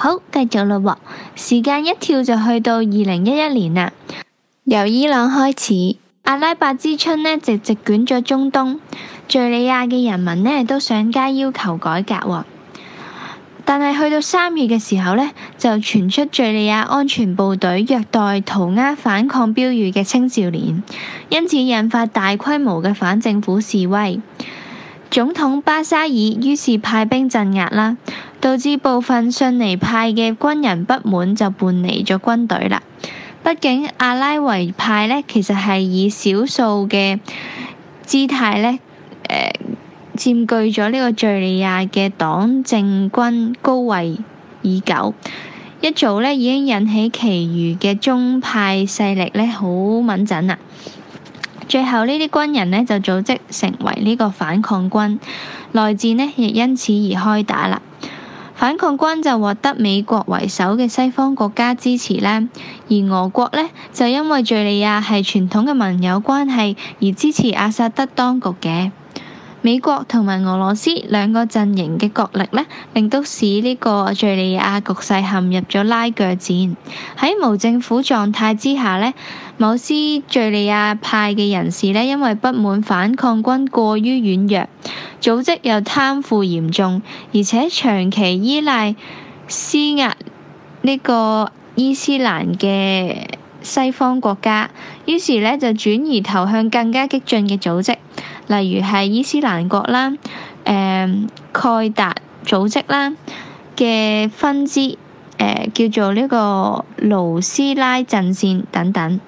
好，繼續咯，時間一跳就去到二零一一年啦。由伊朗開始，阿拉伯之春呢直直捲咗中東，敘利亞嘅人民呢都上街要求改革喎。但係去到三月嘅時候呢，就傳出敘利亞安全部隊虐待塗鴉反抗標語嘅青少年，因此引發大規模嘅反政府示威。總統巴沙爾於是派兵鎮壓啦。導致部分遜尼派嘅軍人不滿，就叛離咗軍隊啦。畢竟阿拉維派呢，其實係以少數嘅姿態呢，誒、呃、佔據咗呢個敘利亞嘅黨政軍高位已久，一早呢，已經引起其餘嘅宗派勢力呢，好敏感啦。最後呢啲軍人呢，就組織成為呢個反抗軍，內戰呢，亦因此而開打啦。反抗軍就獲得美國為首嘅西方國家支持咧，而俄國呢，就因為敍利亞係傳統嘅盟友關係而支持阿薩德當局嘅。美國同埋俄羅斯兩個陣營嘅角力呢，令到使呢個敍利亞局勢陷入咗拉鋸戰。喺無政府狀態之下呢，某些敍利亞派嘅人士呢，因為不滿反抗軍過於軟弱，組織又貪腐嚴重，而且長期依賴施壓呢個伊斯蘭嘅西方國家，於是呢，就轉移投向更加激進嘅組織。例如係伊斯蘭國啦、誒、呃、蓋達組織啦嘅分支，誒、呃、叫做呢個盧斯拉陣線等等。